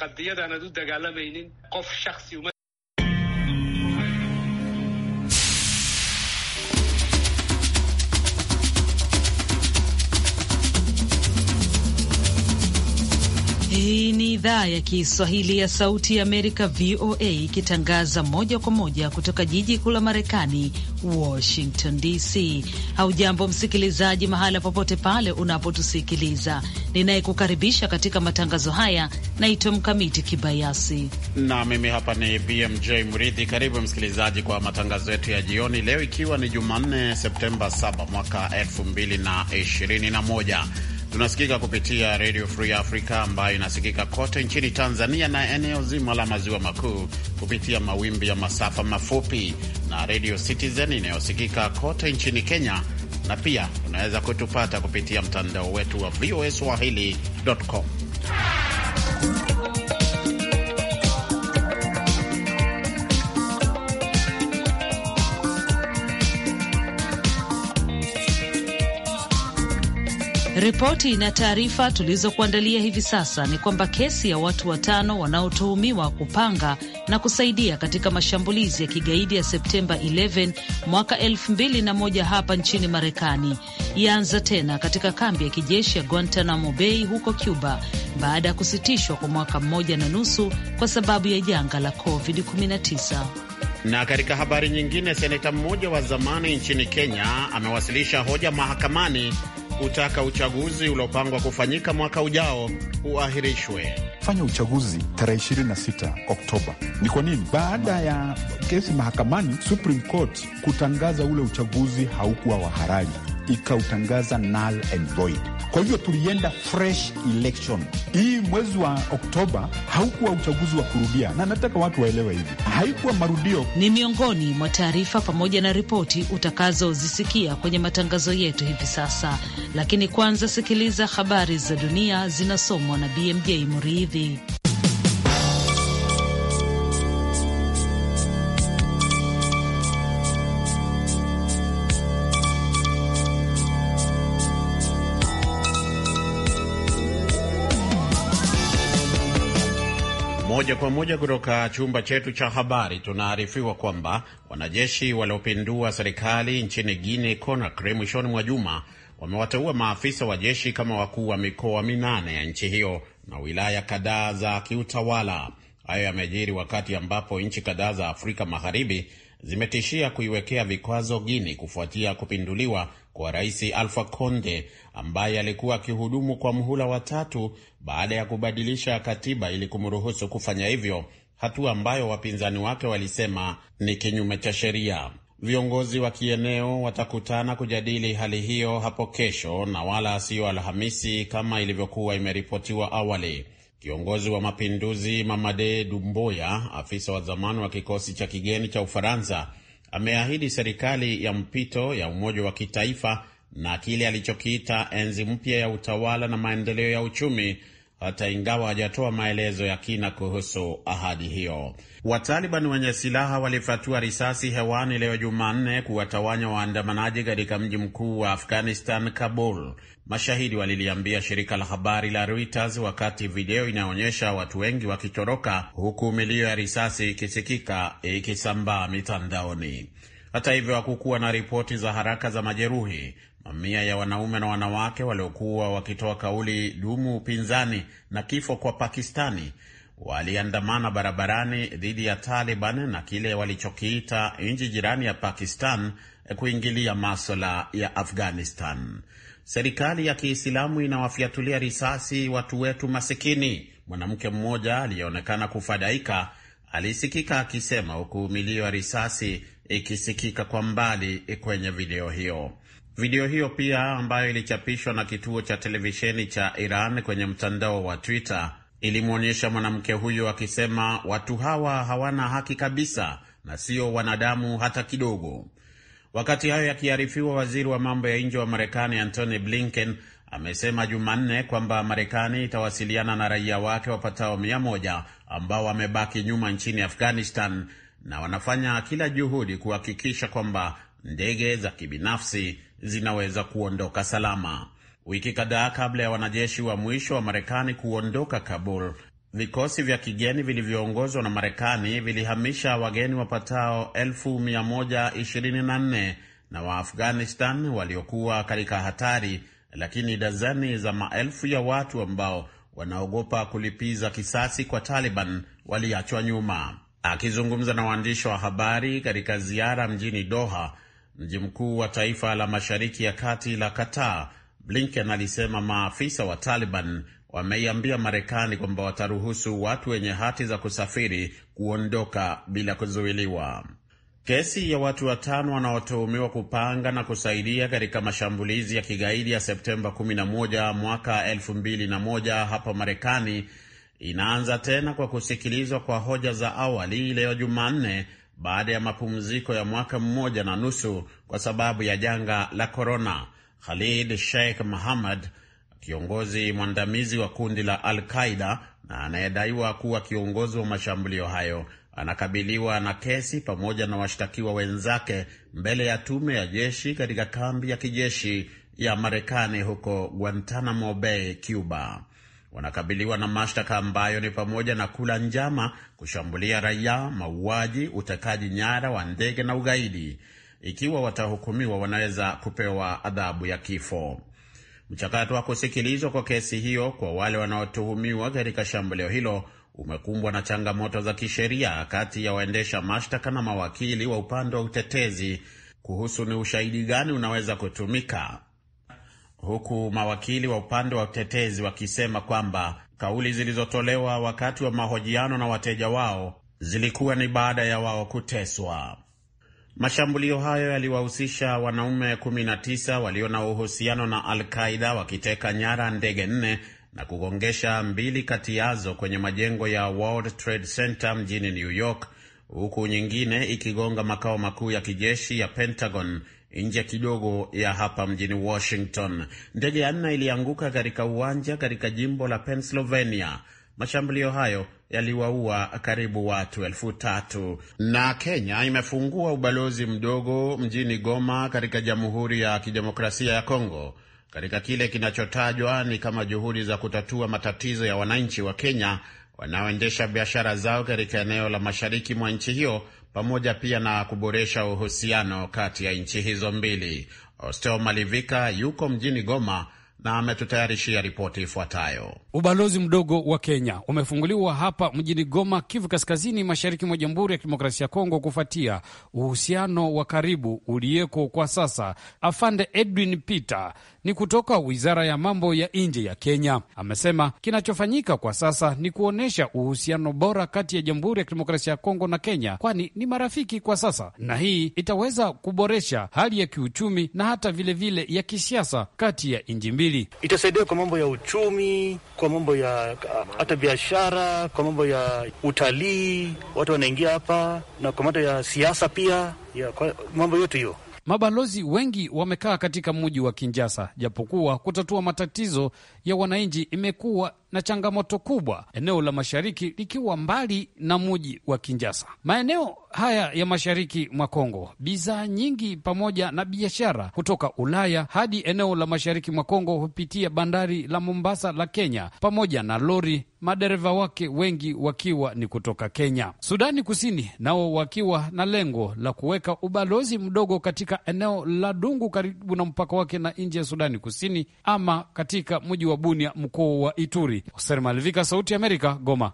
qadiyadaan ad u dagaalamaynin qof shaksi uma idhaa ya Kiswahili ya Sauti ya Amerika, VOA, ikitangaza moja kwa moja kutoka jiji kuu la Marekani, Washington DC. Haujambo msikilizaji, mahala popote pale unapotusikiliza. Ninayekukaribisha katika matangazo haya naitwa Mkamiti Kibayasi na mimi hapa ni BMJ Mridhi. Karibu msikilizaji kwa matangazo yetu ya jioni leo, ikiwa ni Jumanne Septemba 7 mwaka 2021. Tunasikika kupitia Radio Free Africa ambayo inasikika kote nchini Tanzania na eneo zima la maziwa makuu kupitia mawimbi ya masafa mafupi na Radio Citizen inayosikika kote nchini Kenya, na pia unaweza kutupata kupitia mtandao wetu wa voa swahili.com. Ripoti na taarifa tulizokuandalia hivi sasa ni kwamba kesi ya watu watano wanaotuhumiwa kupanga na kusaidia katika mashambulizi ya kigaidi ya Septemba 11 mwaka 2001 hapa nchini Marekani yaanza tena katika kambi ya kijeshi ya Guantanamo Bay huko Cuba baada ya kusitishwa kwa mwaka mmoja na nusu kwa sababu ya janga la COVID-19. Na katika habari nyingine, seneta mmoja wa zamani nchini Kenya amewasilisha hoja mahakamani kutaka uchaguzi uliopangwa kufanyika mwaka ujao uahirishwe. Fanya uchaguzi tarehe 26 Oktoba. Ni kwa nini? Baada ya kesi mahakamani Supreme Court kutangaza ule uchaguzi haukuwa wa halali ikautangaza null and void. Kwa hivyo tulienda fresh election. Hii mwezi wa Oktoba haukuwa uchaguzi wa kurudia, na nataka watu waelewe hivi, haikuwa marudio. Ni miongoni mwa taarifa pamoja na ripoti utakazozisikia kwenye matangazo yetu hivi sasa, lakini kwanza sikiliza habari za dunia zinasomwa na BMJ Muridhi. Moja kwa moja kutoka chumba chetu cha habari tunaarifiwa kwamba wanajeshi waliopindua serikali nchini guine Conakry mwishoni mwa juma wamewateua maafisa wa jeshi kama wakuu wa mikoa minane ya nchi hiyo na wilaya kadhaa za kiutawala. Hayo yamejiri wakati ambapo nchi kadhaa za Afrika Magharibi zimetishia kuiwekea vikwazo Guini kufuatia kupinduliwa kwa rais Alfa Conde ambaye alikuwa akihudumu kwa mhula wa tatu baada ya kubadilisha katiba ili kumruhusu kufanya hivyo, hatua ambayo wapinzani wake walisema ni kinyume cha sheria. Viongozi wa kieneo watakutana kujadili hali hiyo hapo kesho na wala siyo Alhamisi kama ilivyokuwa imeripotiwa awali. Kiongozi wa mapinduzi Mamade Dumboya, afisa wa zamani wa kikosi cha kigeni cha Ufaransa, ameahidi serikali ya mpito ya umoja wa kitaifa na kile alichokiita enzi mpya ya utawala na maendeleo ya uchumi, hata ingawa hajatoa maelezo ya kina kuhusu ahadi hiyo. Wataliban wenye silaha walifyatua risasi hewani leo Jumanne kuwatawanya waandamanaji katika mji mkuu wa Afghanistan, Kabul. Mashahidi waliliambia shirika la habari la Reuters wakati video inaonyesha watu wengi wakitoroka huku milio ya risasi ikisikika ikisambaa mitandaoni. Hata hivyo, hakukuwa na ripoti za haraka za majeruhi. Mamia ya wanaume na wanawake waliokuwa wakitoa kauli dumu upinzani na kifo kwa Pakistani waliandamana barabarani dhidi ya Taliban na kile walichokiita nchi jirani ya Pakistan kuingilia maswala ya Afghanistan serikali ya Kiislamu inawafiatulia risasi watu wetu masikini. Mwanamke mmoja aliyeonekana kufadhaika alisikika akisema, huku milio ya risasi ikisikika kwa mbali kwenye video hiyo. Video hiyo pia ambayo ilichapishwa na kituo cha televisheni cha Iran kwenye mtandao wa Twitter ilimwonyesha mwanamke huyo akisema watu hawa hawana haki kabisa na sio wanadamu hata kidogo. Wakati hayo yakiarifiwa, waziri wa mambo ya nje wa Marekani Antony Blinken amesema Jumanne kwamba Marekani itawasiliana na raia wake wapatao mia moja ambao wamebaki nyuma nchini Afghanistan na wanafanya kila juhudi kuhakikisha kwamba ndege za kibinafsi zinaweza kuondoka salama. Wiki kadhaa kabla ya wanajeshi wa mwisho wa Marekani kuondoka Kabul, Vikosi vya kigeni vilivyoongozwa na Marekani vilihamisha wageni wapatao 1124 na Waafghanistan waliokuwa katika hatari, lakini dazani za maelfu ya watu ambao wanaogopa kulipiza kisasi kwa Taliban waliachwa nyuma. Akizungumza na waandishi wa habari katika ziara mjini Doha, mji mkuu wa taifa la Mashariki ya Kati la Qatar, Blinken alisema maafisa wa Taliban wameiambia Marekani kwamba wataruhusu watu wenye hati za kusafiri kuondoka bila kuzuiliwa. Kesi ya watu watano wanaotuhumiwa kupanga na kusaidia katika mashambulizi ya kigaidi ya Septemba 11 mwaka 2001 hapa Marekani inaanza tena kwa kusikilizwa kwa hoja za awali leo Jumanne baada ya mapumziko ya mwaka mmoja na nusu kwa sababu ya janga la korona. Khalid Sheikh Muhammad kiongozi mwandamizi wa kundi la Al-Qaida na anayedaiwa kuwa kiongozi wa mashambulio hayo anakabiliwa na kesi pamoja na washtakiwa wenzake mbele ya tume ya jeshi katika kambi ya kijeshi ya Marekani huko Guantanamo Bay, Cuba. Wanakabiliwa na mashtaka ambayo ni pamoja na kula njama, kushambulia raia, mauaji, utekaji nyara wa ndege na ugaidi. Ikiwa watahukumiwa, wanaweza kupewa adhabu ya kifo. Mchakato wa kusikilizwa kwa kesi hiyo kwa wale wanaotuhumiwa katika shambulio hilo umekumbwa na changamoto za kisheria kati ya waendesha mashtaka na mawakili wa upande wa utetezi kuhusu ni ushahidi gani unaweza kutumika, huku mawakili wa upande wa utetezi wakisema kwamba kauli zilizotolewa wakati wa mahojiano na wateja wao zilikuwa ni baada ya wao kuteswa. Mashambulio hayo yaliwahusisha wanaume 19 walio na uhusiano na Al-Qaida wakiteka nyara ndege nne na kugongesha mbili kati yazo kwenye majengo ya World Trade Center mjini New York, huku nyingine ikigonga makao makuu ya kijeshi ya Pentagon nje kidogo ya hapa mjini Washington. Ndege ya nne ilianguka katika uwanja katika jimbo la Pennsylvania Mashambulio hayo yaliwaua karibu watu elfu tatu. Na Kenya imefungua ubalozi mdogo mjini Goma katika Jamhuri ya Kidemokrasia ya Kongo katika kile kinachotajwa ni kama juhudi za kutatua matatizo ya wananchi wa Kenya wanaoendesha biashara zao katika eneo la mashariki mwa nchi hiyo pamoja pia na kuboresha uhusiano kati ya nchi hizo mbili. Ostel Malivika yuko mjini Goma na ametutayarishia ripoti ifuatayo. Ubalozi mdogo wa Kenya umefunguliwa hapa mjini Goma, Kivu Kaskazini, mashariki mwa Jamhuri ya Kidemokrasia ya Kongo, kufuatia uhusiano wa karibu uliyeko kwa sasa. Afande Edwin Peter ni kutoka wizara ya mambo ya nje ya Kenya. Amesema kinachofanyika kwa sasa ni kuonyesha uhusiano bora kati ya Jamhuri ya Kidemokrasia ya Kongo na Kenya, kwani ni marafiki kwa sasa, na hii itaweza kuboresha hali ya kiuchumi na hata vilevile vile ya kisiasa kati ya nchi mbili. Itasaidia kwa mambo ya uchumi, kwa mambo ya hata biashara, kwa mambo ya utalii, watu wanaingia hapa, na kwa mambo ya siasa pia ya, kwa mambo yote hiyo Mabalozi wengi wamekaa katika mji wa Kinjasa, japokuwa kutatua matatizo ya wananchi imekuwa na changamoto kubwa, eneo la mashariki likiwa mbali na muji wa Kinjasa. Maeneo haya ya mashariki mwa Kongo, bidhaa nyingi pamoja na biashara kutoka Ulaya hadi eneo la mashariki mwa Kongo hupitia bandari la Mombasa la Kenya, pamoja na lori, madereva wake wengi wakiwa ni kutoka Kenya. Sudani Kusini nao wakiwa na lengo la kuweka ubalozi mdogo katika eneo la Dungu karibu na mpaka wake na nje ya Sudani Kusini, ama katika mji wa Bunia, mkoa wa Ituri Hoser Malvika, Sauti Amerika, Goma.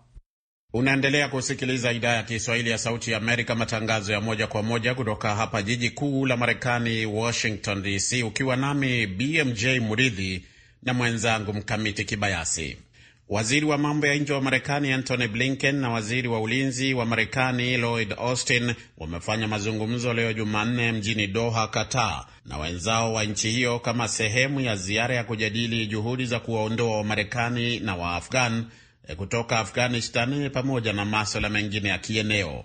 Unaendelea kusikiliza idhaa ya Kiswahili ya Sauti ya Amerika, matangazo ya moja kwa moja kutoka hapa jiji kuu la Marekani, Washington DC, ukiwa nami BMJ Muridhi na mwenzangu Mkamiti Kibayasi. Waziri wa mambo ya nje wa Marekani Antony Blinken na waziri wa ulinzi wa Marekani Lloyd Austin wamefanya mazungumzo leo Jumanne mjini Doha, Qatar, na wenzao wa nchi hiyo kama sehemu ya ziara ya kujadili juhudi za kuwaondoa Wamarekani na Waafghan eh, kutoka Afghanistan pamoja na maswala mengine ya kieneo.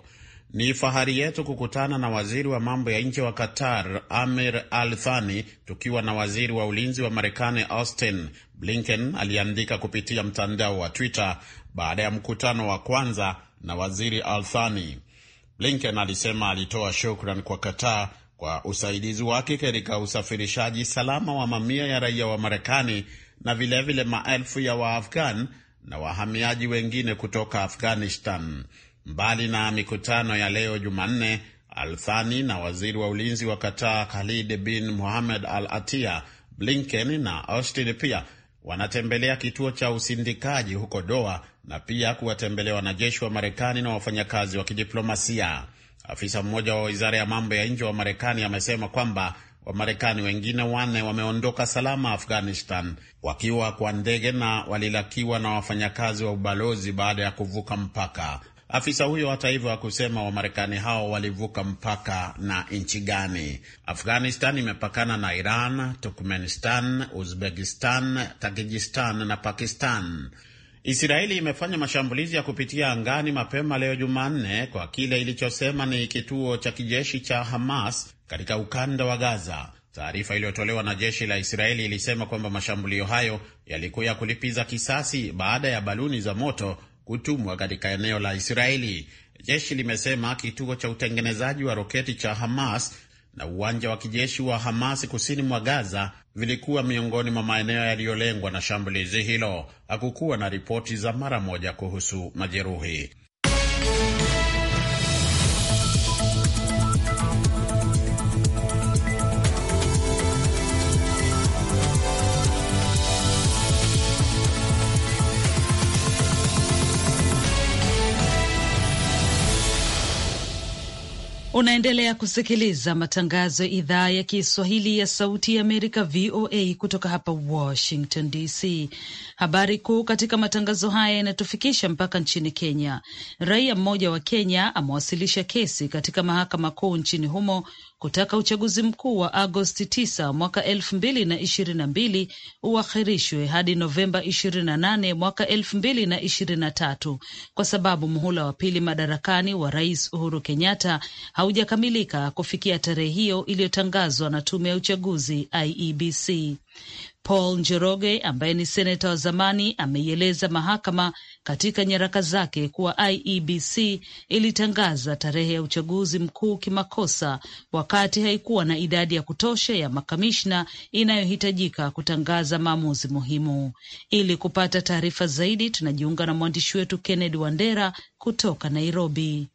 Ni fahari yetu kukutana na waziri wa mambo ya nje wa Qatar Amir Al Thani tukiwa na waziri wa ulinzi wa Marekani Austin, Blinken aliandika kupitia mtandao wa Twitter baada ya mkutano wa kwanza na waziri Al Thani. Blinken alisema alitoa shukran kwa Qatar kwa usaidizi wake katika usafirishaji salama wa mamia ya raia wa Marekani na vilevile vile maelfu ya Waafghan na wahamiaji wengine kutoka Afghanistan. Mbali na mikutano ya leo Jumanne, Althani na waziri wa ulinzi wa Qatar Khalid bin muhamed Al Atia, Blinken na Austin pia wanatembelea kituo cha usindikaji huko Doha na pia kuwatembelea wanajeshi wa Marekani na wafanyakazi wa kidiplomasia. Afisa mmoja wa wizara ya mambo ya nje wa Marekani amesema kwamba Wamarekani wengine wanne wameondoka salama Afghanistan wakiwa kwa ndege na walilakiwa na wafanyakazi wa ubalozi baada ya kuvuka mpaka. Afisa huyo hata hivyo hakusema Wamarekani hao walivuka mpaka na nchi gani. Afghanistan imepakana na Iran, Turkmenistan, Uzbekistan, Tajikistan na Pakistan. Israeli imefanya mashambulizi ya kupitia angani mapema leo Jumanne kwa kile ilichosema ni kituo cha kijeshi cha Hamas katika ukanda wa Gaza. Taarifa iliyotolewa na jeshi la Israeli ilisema kwamba mashambulio hayo yalikuwa ya kulipiza kisasi baada ya baluni za moto kutumwa katika eneo la Israeli. Jeshi limesema kituo cha utengenezaji wa roketi cha Hamas na uwanja wa kijeshi wa Hamas kusini mwa Gaza vilikuwa miongoni mwa maeneo yaliyolengwa na shambulizi hilo. Hakukuwa na ripoti za mara moja kuhusu majeruhi. Unaendelea kusikiliza matangazo ya idhaa ya Kiswahili ya Sauti ya Amerika, VOA, kutoka hapa Washington DC. Habari kuu katika matangazo haya yanatufikisha mpaka nchini Kenya. Raia mmoja wa Kenya amewasilisha kesi katika mahakama kuu nchini humo kutaka uchaguzi mkuu wa Agosti 9 mwaka elfu mbili na na mbili hadi Novemba 28 mwaka elfu mbili na kwa sababu muhula wa pili madarakani wa Rais Uhuru Kenyatta haujakamilika kufikia tarehe hiyo iliyotangazwa na tume ya uchaguzi IEBC. Paul Njoroge ambaye ni seneta wa zamani ameieleza mahakama katika nyaraka zake kuwa IEBC ilitangaza tarehe ya uchaguzi mkuu kimakosa wakati haikuwa na idadi ya kutosha ya makamishna inayohitajika kutangaza maamuzi muhimu. Ili kupata taarifa zaidi, tunajiunga na mwandishi wetu Kennedy Wandera kutoka Nairobi.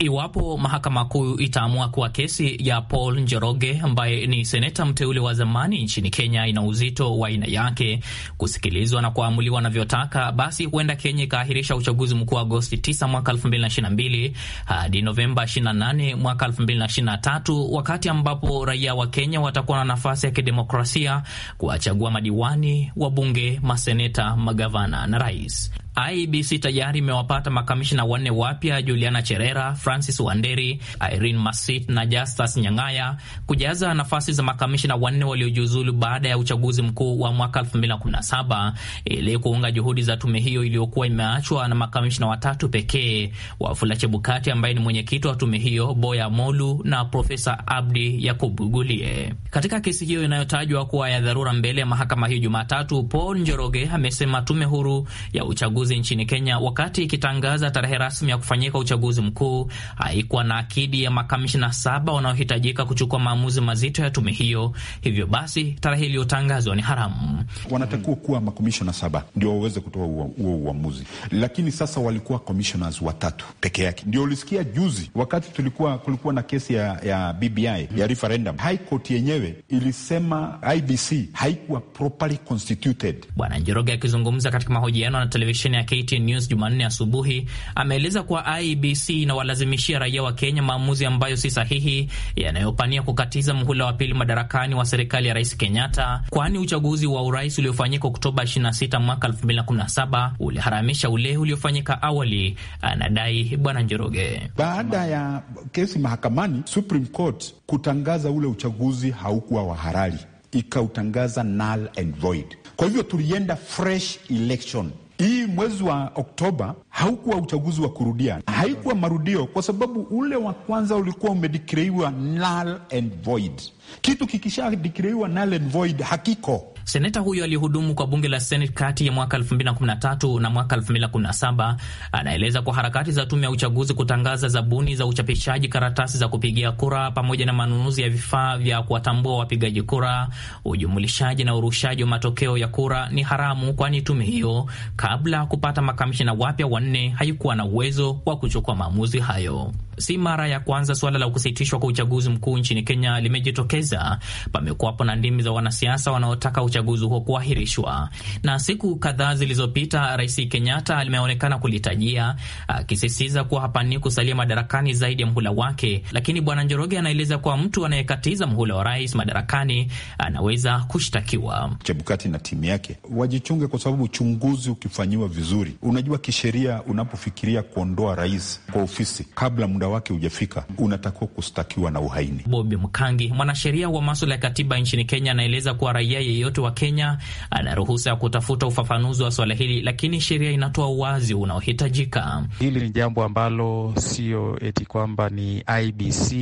Iwapo mahakama kuu itaamua kuwa kesi ya Paul Njoroge ambaye ni seneta mteule wa zamani nchini Kenya ina uzito wa aina yake kusikilizwa na kuamuliwa anavyotaka basi huenda Kenya ikaahirisha uchaguzi mkuu wa Agosti 9 mwaka 2022 hadi Novemba 28 mwaka 2023, wakati ambapo raia wa Kenya watakuwa na nafasi ya kidemokrasia kuwachagua madiwani, wabunge, maseneta, magavana na rais. IBC tayari imewapata makamishina wanne wapya Juliana Cherera, Francis Wanderi, Irene Masit na Justus Nyang'aya kujaza nafasi za makamishina wanne waliojiuzulu baada ya uchaguzi mkuu wa mwaka 2017 ili kuunga juhudi za tume hiyo iliyokuwa imeachwa na makamishina watatu pekee, Wafula Chebukati ambaye ni mwenyekiti wa tume hiyo, Boya Molu na Profesa Abdi Yakub Gulie. Katika kesi hiyo inayotajwa kuwa ya dharura mbele ya mahakama hiyo Jumatatu, Paul Njoroge amesema tume huru ya uchaguzi uchaguzi nchini Kenya, wakati ikitangaza tarehe rasmi ya kufanyika uchaguzi mkuu, haikuwa na akidi ya makamishina saba wanaohitajika kuchukua maamuzi mazito ya tume hiyo. Hivyo basi tarehe iliyotangazwa ni haramu. Wanatakiwa kuwa makomishona saba ndio waweze kutoa huo uamuzi, lakini sasa walikuwa commissioners watatu peke yake. Ndio ulisikia juzi wakati tulikuwa kulikuwa na kesi ya, ya BBI ya referendum. High Court yenyewe ilisema IBC haikuwa properly constituted. Bwana Njoroge akizungumza katika mahojiano na televisheni televisheni ya KTN News Jumanne asubuhi ameeleza kuwa IBC inawalazimishia raia wa Kenya maamuzi ambayo si sahihi yanayopania kukatiza mhula wa pili madarakani wa serikali ya Rais Kenyatta, kwani uchaguzi wa urais uliofanyika Oktoba 26 mwaka 2017 uliharamisha ule uliofanyika awali, anadai Bwana Njoroge. Baada ya kesi mahakamani, Supreme Court kutangaza ule uchaguzi haukuwa wa halali, ikautangaza null and void. Kwa hivyo tulienda fresh election hii mwezi wa Oktoba haukuwa uchaguzi wa kurudia, haikuwa marudio, kwa sababu ule wa kwanza ulikuwa umedikreiwa null and void. Kitu kikisha dikreiwa null and void hakiko Seneta huyo aliyehudumu kwa bunge la Senate kati ya mwaka 2013 na mwaka 2017 anaeleza kwa harakati za tume ya uchaguzi kutangaza zabuni za uchapishaji karatasi za kupigia kura pamoja na manunuzi ya vifaa vya kuwatambua wapigaji kura, ujumulishaji na urushaji wa matokeo ya kura ni haramu, kwani tume hiyo kabla kupata makamishina wapya wanne haikuwa na uwezo wa kuchukua maamuzi hayo si mara ya kwanza suala la kusitishwa kwa uchaguzi mkuu nchini Kenya limejitokeza. Pamekuwapo na ndimi za wanasiasa wanaotaka uchaguzi huo kuahirishwa, na siku kadhaa zilizopita Rais Kenyatta limeonekana kulitajia, akisisitiza kuwa hapani kusalia madarakani zaidi ya mhula wake. Lakini Bwana Njoroge anaeleza kuwa mtu anayekatiza mhula wa rais madarakani anaweza kushtakiwa. Chebukati na timu yake wajichunge, kwa sababu uchunguzi ukifanyiwa vizuri, unajua kisheria, unapofikiria kuondoa rais kwa ofisi kabla muda wake hujafika unatakiwa kustakiwa na uhaini. Bobi Mkangi, mwanasheria wa maswala ya katiba nchini Kenya, anaeleza kuwa raia yeyote wa Kenya ana ruhusa ya kutafuta ufafanuzi wa swala hili, lakini sheria inatoa uwazi unaohitajika. Hili ni jambo ambalo sio eti kwamba ni IBC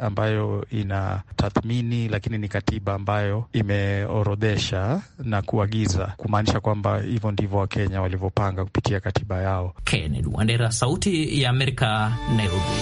ambayo ina tathmini, lakini ni katiba ambayo imeorodhesha na kuagiza, kumaanisha kwamba hivyo ndivyo Wakenya walivyopanga kupitia katiba yao. Kennedy Wandera, Sauti ya Amerika, Nairobi.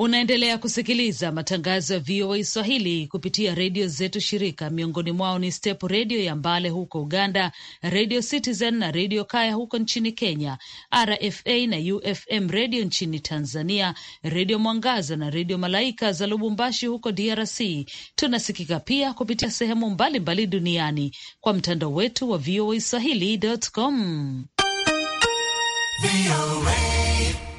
Unaendelea kusikiliza matangazo ya VOA Swahili kupitia redio zetu shirika, miongoni mwao ni Step redio ya Mbale huko Uganda, redio Citizen na redio Kaya huko nchini Kenya, RFA na UFM redio nchini Tanzania, redio Mwangaza na redio Malaika za Lubumbashi huko DRC. Tunasikika pia kupitia sehemu mbalimbali mbali duniani kwa mtandao wetu wa VOA Swahili.com.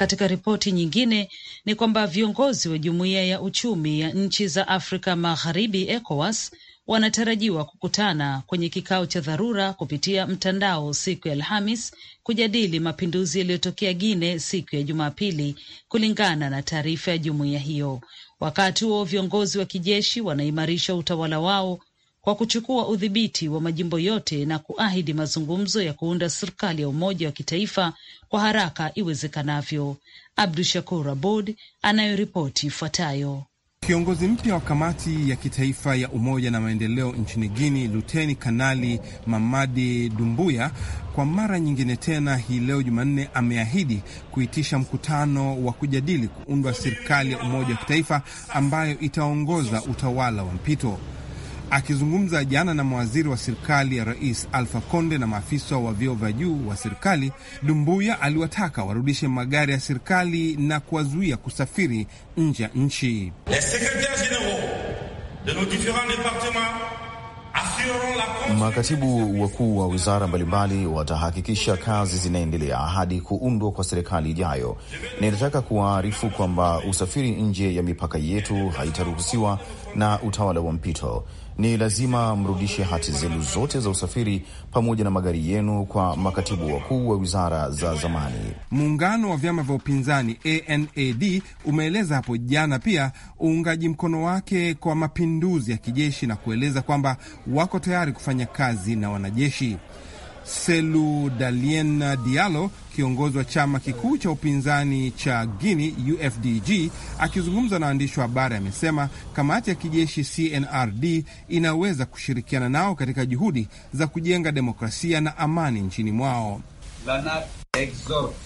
Katika ripoti nyingine ni kwamba viongozi wa jumuiya ya uchumi ya nchi za Afrika Magharibi, ECOWAS, wanatarajiwa kukutana kwenye kikao cha dharura kupitia mtandao siku ya Alhamis kujadili mapinduzi yaliyotokea Guine siku ya Jumapili, kulingana na taarifa ya jumuiya hiyo. Wakati huo viongozi wa kijeshi wanaimarisha utawala wao kwa kuchukua udhibiti wa majimbo yote na kuahidi mazungumzo ya kuunda serikali ya umoja wa kitaifa kwa haraka iwezekanavyo. Abdu Shakur Abud anayoripoti ifuatayo. Kiongozi mpya wa kamati ya kitaifa ya umoja na maendeleo nchini Guini, luteni kanali Mamadi Dumbuya, kwa mara nyingine tena hii leo Jumanne ameahidi kuitisha mkutano wa kujadili kuundwa serikali ya umoja wa kitaifa ambayo itaongoza utawala wa mpito. Akizungumza jana na mawaziri wa serikali ya rais alfa Konde na maafisa wa vyeo vya juu wa serikali, Dumbuya aliwataka warudishe magari ya serikali na kuwazuia kusafiri nje ya nchi. Makatibu wakuu wa wizara mbalimbali watahakikisha kazi zinaendelea hadi kuundwa kwa serikali ijayo. Ninataka kuwaarifu kwamba usafiri nje ya mipaka yetu haitaruhusiwa na utawala wa mpito ni lazima mrudishe hati zenu zote za usafiri pamoja na magari yenu kwa makatibu wakuu wa wizara za zamani. Muungano wa vyama vya upinzani ANAD umeeleza hapo jana pia uungaji mkono wake kwa mapinduzi ya kijeshi na kueleza kwamba wako tayari kufanya kazi na wanajeshi. Selu Dalien Diallo, kiongozi wa chama kikuu cha upinzani cha Guini UFDG, akizungumza na waandishi wa habari amesema kamati ya kijeshi CNRD inaweza kushirikiana nao katika juhudi za kujenga demokrasia na amani nchini mwao.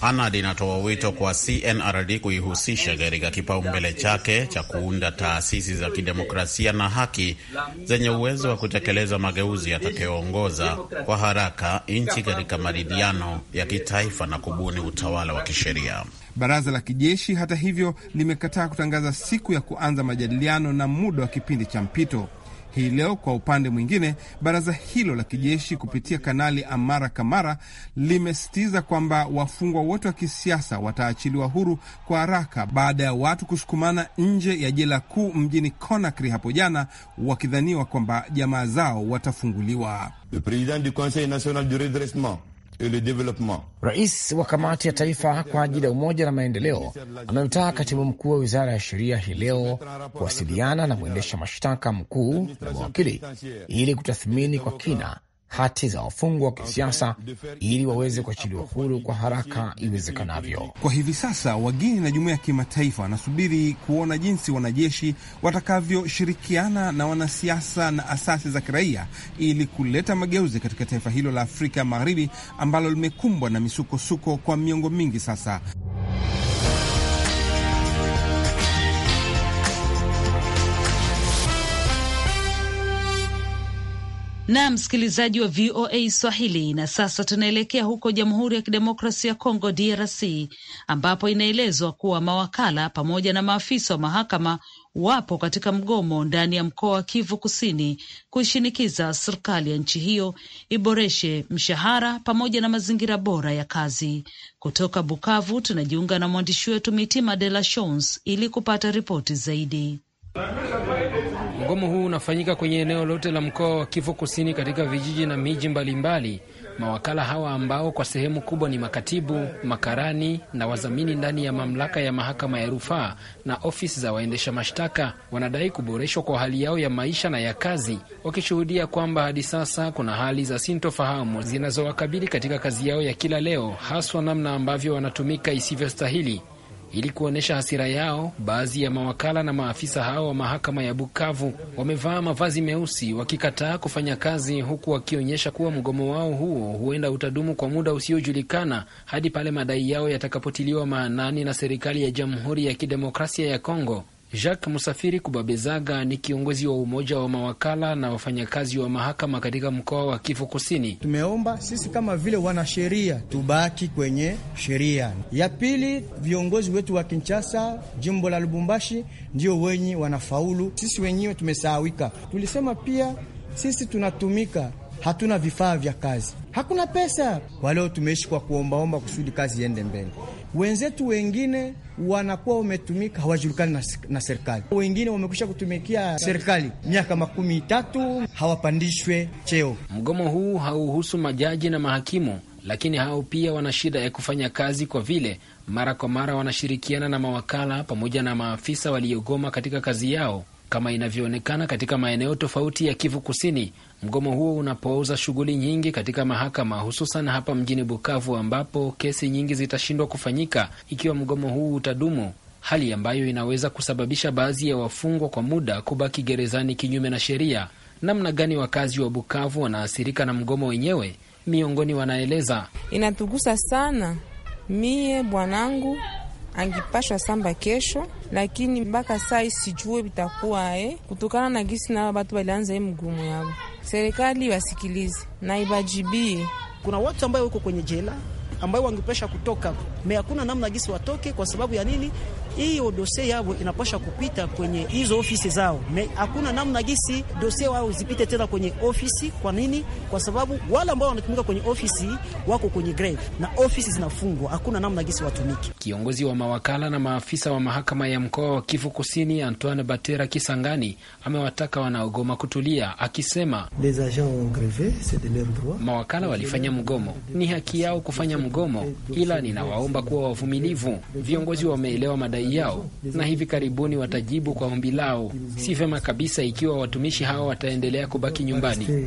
Anad inatoa wito kwa CNRD kuihusisha katika kipaumbele chake cha kuunda taasisi za kidemokrasia na haki zenye uwezo wa kutekeleza mageuzi yatakayoongoza kwa haraka nchi katika maridhiano ya kitaifa na kubuni utawala wa kisheria. Baraza la kijeshi hata hivyo limekataa kutangaza siku ya kuanza majadiliano na muda wa kipindi cha mpito. Hii leo kwa upande mwingine, baraza hilo la kijeshi kupitia Kanali Amara Kamara limesisitiza kwamba wafungwa wote wa kisiasa wataachiliwa huru kwa haraka baada ya watu kusukumana nje ya jela kuu mjini Conakry hapo jana, wakidhaniwa kwamba jamaa zao watafunguliwa. Le president du conseil national du redressement Eh, Rais wa kamati ya taifa kwa ajili ya umoja na maendeleo amemtaka katibu mkuu wa wizara ya sheria hii leo kuwasiliana na mwendesha mashtaka mkuu na mawakili ili kutathmini kwa kina hati za wafungwa wa kisiasa ili waweze kuachiliwa huru kwa haraka iwezekanavyo. Kwa hivi sasa, wageni na jumuiya ya kimataifa wanasubiri kuona jinsi wanajeshi watakavyoshirikiana na wanasiasa na asasi za kiraia ili kuleta mageuzi katika taifa hilo la Afrika ya Magharibi ambalo limekumbwa na misukosuko kwa miongo mingi sasa. na msikilizaji wa VOA Swahili. Na sasa tunaelekea huko Jamhuri ya Kidemokrasia ya Kongo, DRC, ambapo inaelezwa kuwa mawakala pamoja na maafisa wa mahakama wapo katika mgomo ndani ya mkoa wa Kivu Kusini kuishinikiza serikali ya nchi hiyo iboreshe mshahara pamoja na mazingira bora ya kazi. Kutoka Bukavu tunajiunga na mwandishi wetu Mitima De La Shons ili kupata ripoti zaidi Mgomo huu unafanyika kwenye eneo lote la mkoa wa Kivu Kusini, katika vijiji na miji mbalimbali. Mawakala hawa ambao kwa sehemu kubwa ni makatibu, makarani na wazamini ndani ya mamlaka ya mahakama ya rufaa na ofisi za waendesha mashtaka wanadai kuboreshwa kwa hali yao ya maisha na ya kazi, wakishuhudia kwamba hadi sasa kuna hali za sintofahamu zinazowakabili katika kazi yao ya kila leo, haswa namna ambavyo wanatumika isivyostahili. Ili kuonyesha hasira yao, baadhi ya mawakala na maafisa hao wa mahakama ya Bukavu wamevaa mavazi meusi wakikataa kufanya kazi, huku wakionyesha kuwa mgomo wao huo huenda utadumu kwa muda usiojulikana hadi pale madai yao yatakapotiliwa maanani na serikali ya Jamhuri ya Kidemokrasia ya Kongo. Jacques Musafiri Kubabezaga ni kiongozi wa umoja wa mawakala na wafanyakazi wa mahakama katika mkoa wa Kivu Kusini. Tumeomba sisi kama vile wanasheria tubaki kwenye sheria. Ya pili, viongozi wetu wa Kinshasa, jimbo la Lubumbashi ndio wenye wanafaulu, sisi wenyewe tumesaawika. Tulisema pia sisi tunatumika hatuna vifaa vya kazi, hakuna pesa. Kwa leo tumeishi kwa kuombaomba kusudi kazi iende mbele. Wenzetu wengine wanakuwa wametumika hawajulikani na, na serikali. Wengine wamekwisha kutumikia serikali miaka makumi tatu hawapandishwe cheo. Mgomo huu hauhusu majaji na mahakimu, lakini hao pia wana shida ya kufanya kazi kwa vile mara kwa mara wanashirikiana na mawakala pamoja na maafisa waliogoma katika kazi yao kama inavyoonekana katika maeneo tofauti ya Kivu Kusini. Mgomo huo unapouza shughuli nyingi katika mahakama, hususan hapa mjini Bukavu ambapo kesi nyingi zitashindwa kufanyika ikiwa mgomo huu utadumu, hali ambayo inaweza kusababisha baadhi ya wafungwa kwa muda kubaki gerezani kinyume na sheria. Namna gani wakazi wa Bukavu wanaathirika na mgomo wenyewe? Miongoni wanaeleza, inatugusa sana. Mie bwanangu angipashwa samba kesho, lakini mpaka saa sijue vitakuwa e, eh, kutokana na gisi na batu walianza ye mgumu yao. Serikali wasikilize na ibajibie. Kuna watu ambayo wako kwenye jela ambayo wangepesha kutoka me, hakuna namna gisi watoke. Kwa sababu ya nini? hiyo dosie yao inapasha kupita kwenye hizo ofisi zao, me hakuna namna gisi dosie wao zipite tena kwenye ofisi. Kwa nini? Kwa sababu wale ambao wanatumika kwenye ofisi wako kwenye grave na ofisi zinafungwa, hakuna namna gisi watumiki. Kiongozi wa mawakala na maafisa wa mahakama ya mkoa wa Kivu Kusini Antoine Batera Kisangani amewataka wanaogoma kutulia, akisema mawakala walifanya mgomo, ni haki yao kufanya mgomo, ila ninawaomba kuwa wavumilivu. Viongozi wameelewa madai madai yao, na hivi karibuni watajibu kwa ombi lao. Si vema kabisa ikiwa watumishi hawa wataendelea kubaki nyumbani,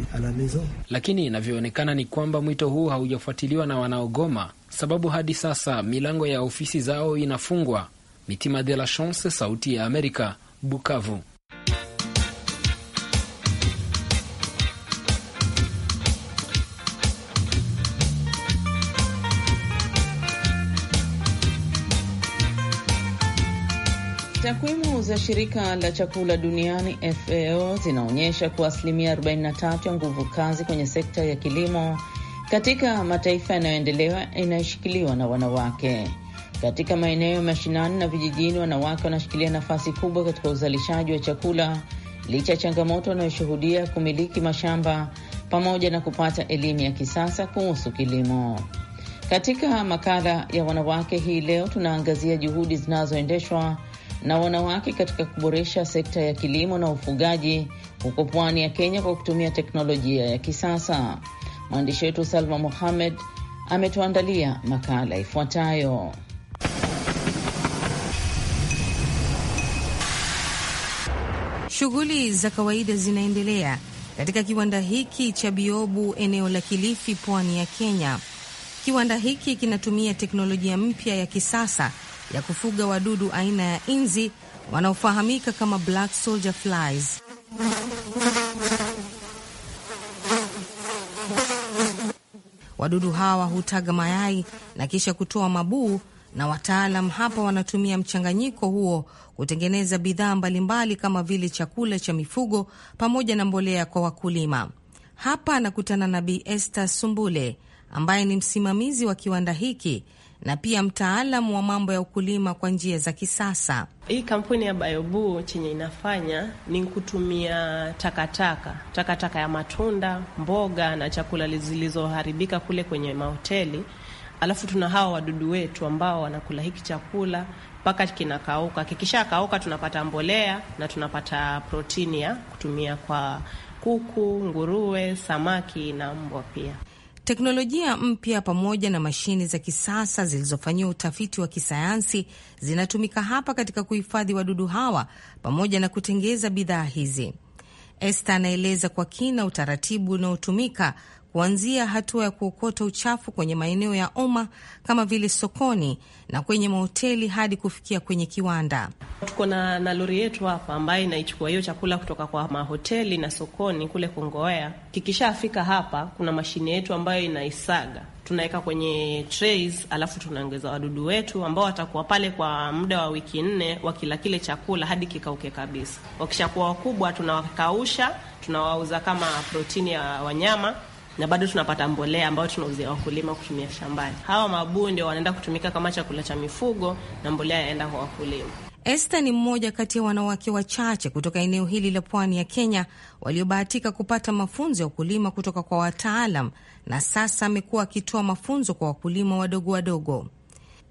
lakini inavyoonekana ni kwamba mwito huu haujafuatiliwa na wanaogoma, sababu hadi sasa milango ya ofisi zao inafungwa. Mitima de la Chance, Sauti ya Amerika, Bukavu. Takwimu za shirika la chakula duniani FAO zinaonyesha kuwa asilimia 43 ya nguvu kazi kwenye sekta ya kilimo katika mataifa yanayoendelewa inayoshikiliwa na wanawake. Katika maeneo ya mashinani na vijijini, wanawake wanashikilia nafasi kubwa katika uzalishaji wa chakula licha ya changamoto wanayoshuhudia kumiliki mashamba pamoja na kupata elimu ya kisasa kuhusu kilimo. Katika makala ya wanawake hii leo, tunaangazia juhudi zinazoendeshwa na wanawake katika kuboresha sekta ya kilimo na ufugaji huko pwani ya Kenya kwa kutumia teknolojia ya kisasa. Mwandishi wetu Salma Mohamed ametuandalia makala ifuatayo. Shughuli za kawaida zinaendelea katika kiwanda hiki cha Biobu, eneo la Kilifi, pwani ya Kenya. Kiwanda hiki kinatumia teknolojia mpya ya kisasa ya kufuga wadudu aina ya inzi wanaofahamika kama black soldier flies. Wadudu hawa hutaga mayai na kisha kutoa mabuu, na wataalam hapa wanatumia mchanganyiko huo kutengeneza bidhaa mbalimbali kama vile chakula cha mifugo pamoja na mbolea kwa wakulima. Hapa anakutana na Bi Esther Sumbule ambaye ni msimamizi wa kiwanda hiki na pia mtaalamu wa mambo ya ukulima kwa njia za kisasa. Hii kampuni ya Biobu chenye inafanya ni kutumia takataka, takataka ya matunda, mboga na chakula zilizoharibika kule kwenye mahoteli, alafu tuna hawa wadudu wetu ambao wanakula hiki chakula mpaka kinakauka. kikisha kauka tunapata mbolea na tunapata protini ya kutumia kwa kuku, nguruwe, samaki na mbwa pia. Teknolojia mpya pamoja na mashine za kisasa zilizofanyiwa utafiti wa kisayansi zinatumika hapa katika kuhifadhi wadudu hawa pamoja na kutengeza bidhaa hizi. Esta anaeleza kwa kina utaratibu unaotumika kuanzia hatua ya kuokota uchafu kwenye maeneo ya umma kama vile sokoni na kwenye mahoteli hadi kufikia kwenye kiwanda. Tuko na, na lori yetu hapa ambayo inaichukua hiyo chakula kutoka kwa mahoteli na sokoni kule Kongowea. Kikishafika hapa, kuna mashine yetu ambayo inaisaga tunaweka kwenye trays, alafu tunaongeza wadudu wetu ambao watakuwa pale kwa muda wa wiki nne wakila kile chakula hadi kikauke kabisa. Wakishakuwa wakubwa tunawakausha, tunawauza kama protini ya wanyama na bado tunapata mbolea ambayo tunauzia wakulima kutumia shambani. Hawa mabuu ndio wanaenda kutumika kama chakula cha mifugo na mbolea yaenda kwa wakulima. Esther ni mmoja kati ya wanawake wachache kutoka eneo hili la pwani ya Kenya waliobahatika kupata mafunzo ya ukulima kutoka kwa wataalam, na sasa amekuwa akitoa mafunzo kwa wakulima wadogo wadogo.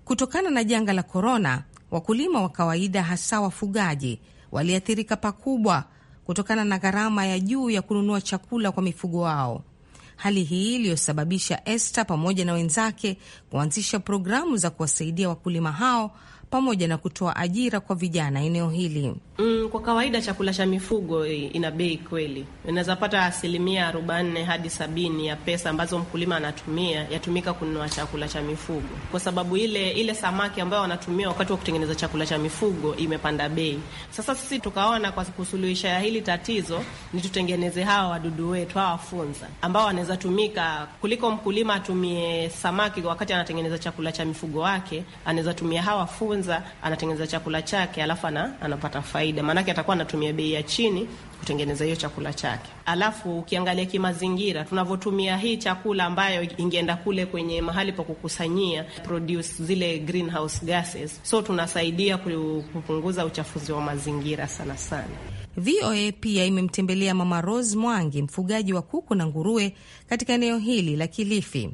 Kutokana na janga la korona, wakulima wa kawaida, hasa wafugaji, waliathirika pakubwa kutokana na gharama ya juu ya kununua chakula kwa mifugo wao hali hii iliyosababisha Esther pamoja na wenzake kuanzisha programu za kuwasaidia wakulima hao pamoja na kutoa ajira kwa vijana eneo hili. Mm, kwa kawaida chakula cha mifugo eh, ina bei kweli, unaweza pata asilimia arobaini hadi sabini ya pesa ambazo mkulima anatumia yatumika kununua chakula cha mifugo, kwa sababu ile ile samaki ambayo wanatumia wakati wa kutengeneza chakula cha mifugo imepanda bei. Sasa sisi tukaona kwa kusuluhisha ya hili tatizo ni tutengeneze hawa wadudu wetu hawa funza ambao wanaweza tumika, kuliko mkulima atumie samaki wakati anatengeneza chakula cha mifugo wake, anaweza tumia hawa funza kujifunza, anatengeneza chakula chake alafu ana, anapata faida, maanake atakuwa anatumia bei ya chini kutengeneza hiyo chakula chake. Alafu ukiangalia kimazingira, tunavyotumia hii chakula ambayo ingeenda kule kwenye mahali pa kukusanyia produce zile greenhouse gases, so tunasaidia kupunguza uchafuzi wa mazingira sana sana. VOA pia imemtembelea Mama Rose Mwangi, mfugaji wa kuku na nguruwe katika eneo hili la Kilifi.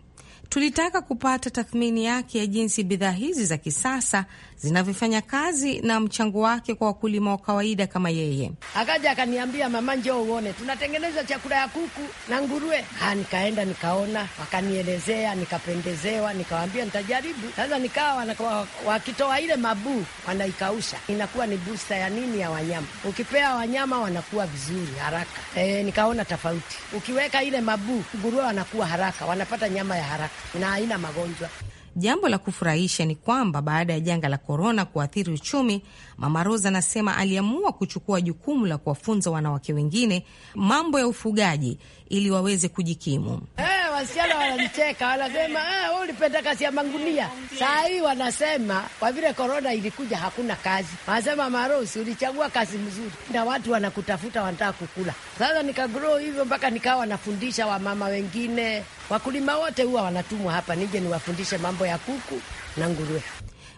Tulitaka kupata tathmini yake ya jinsi bidhaa hizi za kisasa zinavyofanya kazi na mchango wake kwa wakulima wa kawaida kama yeye. Akaja akaniambia, mama, njoo uone, tunatengeneza chakula ya kuku na nguruwe. nikaenda nikaona, wakanielezea, nikapendezewa, nikawaambia nitajaribu. Sasa nikawa wakitoa ile mabuu wanaikausha, inakuwa ni busta ya nini ya wanyama. Ukipea wanyama wanakuwa vizuri haraka. E, nikaona tofauti. Ukiweka ile mabuu, nguruwe wanakuwa haraka, wanapata nyama ya haraka na haina magonjwa. Jambo la kufurahisha ni kwamba baada ya janga la korona kuathiri uchumi, Mama Rose anasema aliamua kuchukua jukumu la kuwafunza wanawake wengine mambo ya ufugaji ili waweze kujikimu. Hey! wasichana wananicheka, wanasema ah, ulipenda kazi ya mangunia. Saa hii wanasema kwa vile korona ilikuja hakuna kazi, wanasema Marosi, ulichagua kazi mzuri na watu wanakutafuta, wanataka kukula. Sasa nikagrow hivyo mpaka nikawa wanafundisha wamama wengine, wakulima wote huwa wanatumwa hapa nije niwafundishe mambo ya kuku na nguruwe.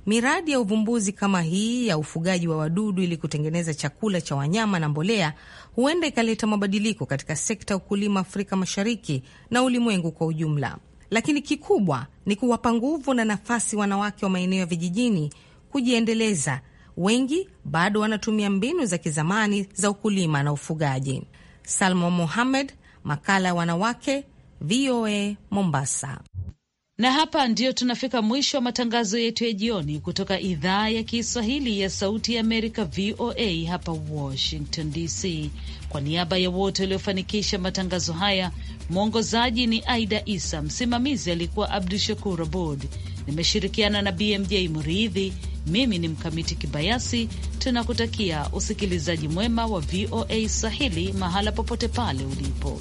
Miradi ya uvumbuzi kama hii ya ufugaji wa wadudu ili kutengeneza chakula cha wanyama na mbolea huenda ikaleta mabadiliko katika sekta ya ukulima Afrika Mashariki na ulimwengu kwa ujumla, lakini kikubwa ni kuwapa nguvu na nafasi wanawake wa maeneo ya vijijini kujiendeleza. Wengi bado wanatumia mbinu za kizamani za ukulima na ufugaji. Salma Mohamed, makala ya wanawake, VOA Mombasa. Na hapa ndiyo tunafika mwisho wa matangazo yetu ya jioni kutoka idhaa ya Kiswahili ya Sauti ya Amerika, VOA hapa Washington DC. Kwa niaba ya wote waliofanikisha matangazo haya, mwongozaji ni Aida Isa, msimamizi alikuwa Abdu Shakur Abud, nimeshirikiana na BMJ Muridhi. Mimi ni Mkamiti Kibayasi. Tunakutakia usikilizaji mwema wa VOA Swahili mahala popote pale ulipo.